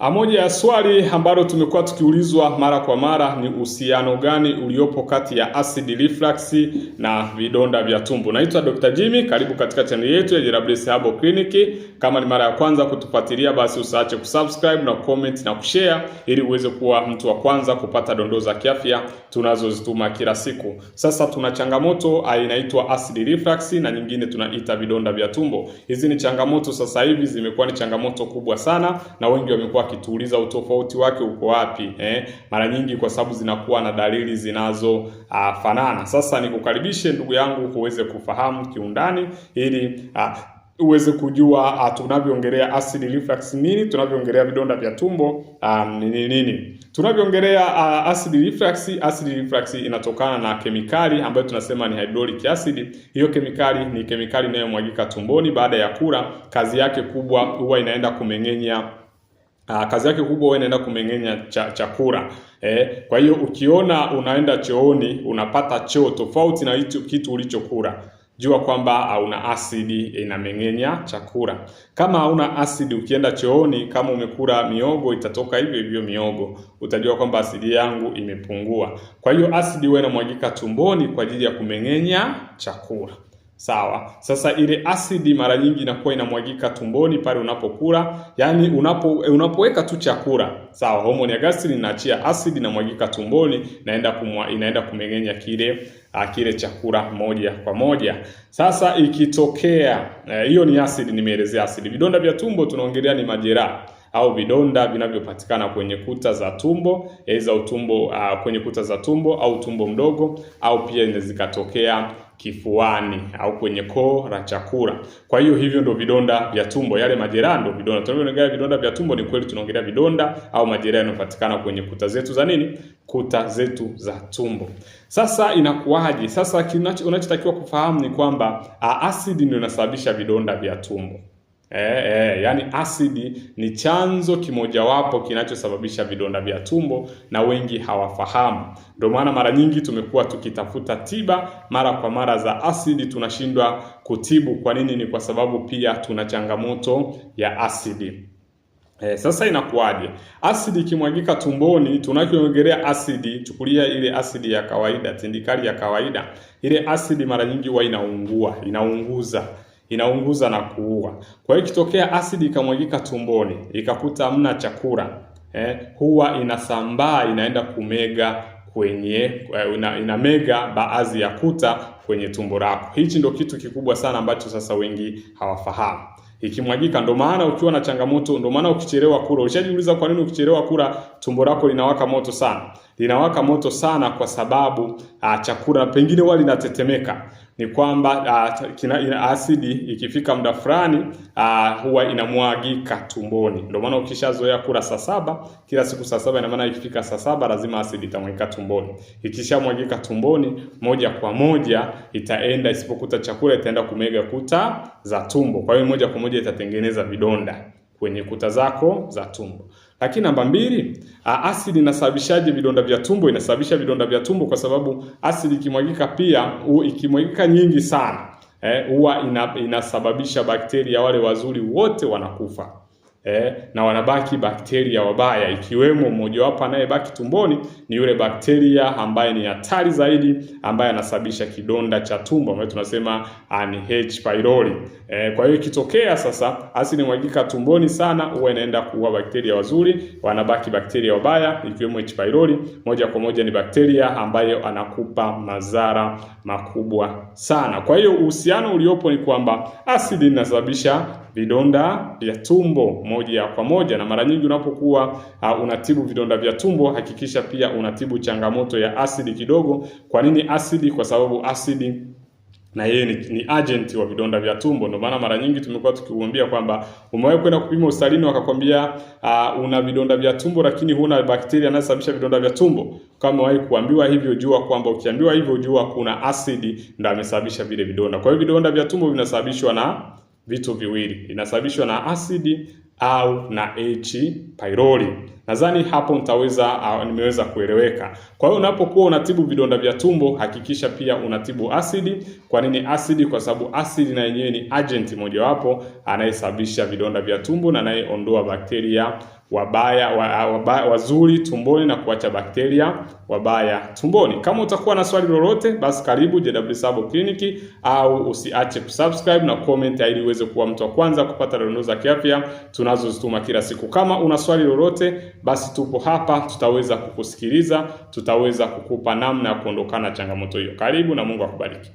Ah, moja ya swali ambalo tumekuwa tukiulizwa mara kwa mara ni uhusiano gani uliopo kati ya acid reflux na vidonda vya tumbo. Naitwa Dr. Jimmy, karibu katika chaneli yetu ya Jirables Herbal Clinic. Kama ni mara ya kwanza kutufuatilia, basi usiache kusubscribe na comment na kushare ili uweze kuwa mtu wa kwanza kupata dondoo za kiafya tunazozituma kila siku. Sasa tuna changamoto ah, inaitwa acid reflux na nyingine tunaita vidonda vya tumbo. Hizi ni changamoto sasa hivi zimekuwa ni changamoto kubwa sana na wengi wamekuwa wakituuliza utofauti wake uko wapi eh? Mara nyingi kwa sababu zinakuwa na dalili zinazo uh, fanana. Sasa nikukaribishe ndugu yangu uweze kufahamu kiundani ili uh, uweze kujua uh, tunavyoongelea acid reflux nini, tunavyoongelea vidonda vya tumbo um, nini nini, tunavyoongelea uh, acid reflux. Acid reflux inatokana na kemikali ambayo tunasema ni hydrochloric acid. Hiyo kemikali ni kemikali inayomwagika tumboni baada ya kula. Kazi yake kubwa huwa inaenda kumeng'enya Aa, ah, kazi yake kubwa wewe inaenda kumeng'enya cha, chakula eh. Kwa hiyo ukiona unaenda chooni unapata choo tofauti na hicho kitu ulichokula, jua kwamba hauna asidi inameng'enya chakula. Kama hauna asidi, ukienda chooni, kama umekula miogo, itatoka hivyo hivyo miogo, utajua kwamba asidi yangu imepungua. Kwa hiyo asidi wewe inamwagika tumboni kwa ajili ya kumeng'enya chakula. Sawa. Sasa ile asidi mara nyingi inakuwa inamwagika tumboni pale unapokula, yaani unapo eh, unapoweka tu chakula, sawa, homoni ya gastrin inaachia asidi inamwagika tumboni, inaenda kumwa, inaenda kumeng'enya kile ah, kile chakula moja kwa moja. Sasa ikitokea eh, hiyo eh, ni asidi, nimeelezea asidi. Vidonda vya tumbo tunaongelea ni majeraha au vidonda vinavyopatikana kwenye kuta za tumbo, aidha eh, utumbo uh, kwenye kuta za tumbo au tumbo mdogo au pia inaweza zikatokea kifuani au kwenye koo la chakula. Kwa hiyo hivyo ndo vidonda vya tumbo, yale majeraha ndo vidonda. Tunapoongelea vidonda vya tumbo, ni kweli tunaongelea vidonda au majeraha yanayopatikana kwenye kuta zetu za nini? Kuta zetu za tumbo. Sasa inakuwaje? Sasa unachotakiwa kufahamu ni kwamba asidi ndio inasababisha vidonda vya tumbo. Eh, eh, yani asidi ni chanzo kimojawapo kinachosababisha vidonda vya tumbo na wengi hawafahamu. Ndio maana mara nyingi tumekuwa tukitafuta tiba mara kwa mara za asidi tunashindwa kutibu. Kwa nini? Ni kwa sababu pia tuna changamoto ya asidi. Eh, sasa inakuwaje? Asidi ikimwagika tumboni, tunachoongelea asidi, chukulia ile asidi ya kawaida, tindikali ya kawaida. Ile asidi mara nyingi huwa inaungua, inaunguza inaunguza na kuua. Kwa hiyo ikitokea asidi ikamwagika tumboni ikakuta hamna chakula eh, huwa inasambaa inaenda kumega kwenye eh, ina, inamega baadhi ya kuta kwenye tumbo lako. Hichi ndio kitu kikubwa sana ambacho sasa wengi hawafahamu ikimwagika. ndo maana ukiwa na changamoto, ndo maana ukichelewa kula, ushajiuliza kwa nini ukichelewa kula tumbo lako linawaka moto sana? linawaka moto sana kwa sababu uh, chakula pengine huwa linatetemeka. Ni kwamba uh, kina, ina asidi ikifika muda fulani uh, huwa inamwagika tumboni. Ndio maana ukishazoea kula saa saba kila siku saa saba, ina maana ikifika saa saba lazima asidi itamwagika tumboni. Ikishamwagika tumboni, moja kwa moja itaenda, isipokuta chakula itaenda kumega kuta za tumbo, kwa hiyo moja kwa moja itatengeneza vidonda kwenye kuta zako za tumbo. Lakini namba mbili, asidi inasababishaje vidonda vya tumbo? Inasababisha vidonda vya tumbo kwa sababu asidi ikimwagika, pia ikimwagika nyingi sana eh, huwa eh, inasababisha bakteria wale wazuri wote wanakufa eh, na wanabaki bakteria wabaya, ikiwemo mmojawapo anayebaki tumboni ni yule bakteria ambaye ni hatari zaidi, ambaye anasababisha kidonda cha tumbo ambayo tunasema ni H pylori. Eh, kwa hiyo ikitokea sasa asidi mwagika tumboni sana, huwa inaenda kuua bakteria wazuri, wanabaki bakteria wabaya, ikiwemo H pylori. Moja kwa moja ni bakteria ambayo anakupa madhara makubwa sana. Kwa hiyo uhusiano uliopo ni kwamba asidi inasababisha vidonda vya tumbo moja kwa moja. Na mara nyingi unapokuwa uh, unatibu vidonda vya tumbo, hakikisha pia unatibu changamoto ya asidi kidogo. Kwa nini asidi? Kwa sababu asidi na yeye ni, ni agent wa vidonda vya tumbo. Ndio maana mara nyingi tumekuwa tukiuambia kwamba umewahi kwenda kupima usalini wakakwambia, uh, una vidonda vya tumbo lakini huna bakteria anayesababisha vidonda vya tumbo. Kama wahi kuambiwa hivyo, jua kwamba ukiambiwa hivyo, jua kuna asidi ndio amesababisha vile vidonda. Kwa hiyo vidonda vya tumbo vinasababishwa na vitu viwili, inasababishwa na asidi au na H. pylori. Nadhani hapo nitaweza uh, nimeweza kueleweka. Kwa hiyo unapokuwa unatibu vidonda vya tumbo hakikisha pia unatibu asidi. Kwa nini asidi? Kwa sababu asidi na yenyewe ni agent mojawapo anayesababisha vidonda vya tumbo na anayeondoa bakteria wabaya wa, wabaya, wazuri tumboni na kuacha bakteria wabaya tumboni. Kama utakuwa na swali lolote, basi karibu JW Sabo Clinic, au usiache kusubscribe na comment ili uweze kuwa mtu wa kwanza kupata dondoo za kiafya tunazozituma kila siku. Kama una swali lolote, basi tupo hapa, tutaweza kukusikiliza, tutaweza kukupa namna ya kuondokana changamoto hiyo. Karibu na Mungu akubariki.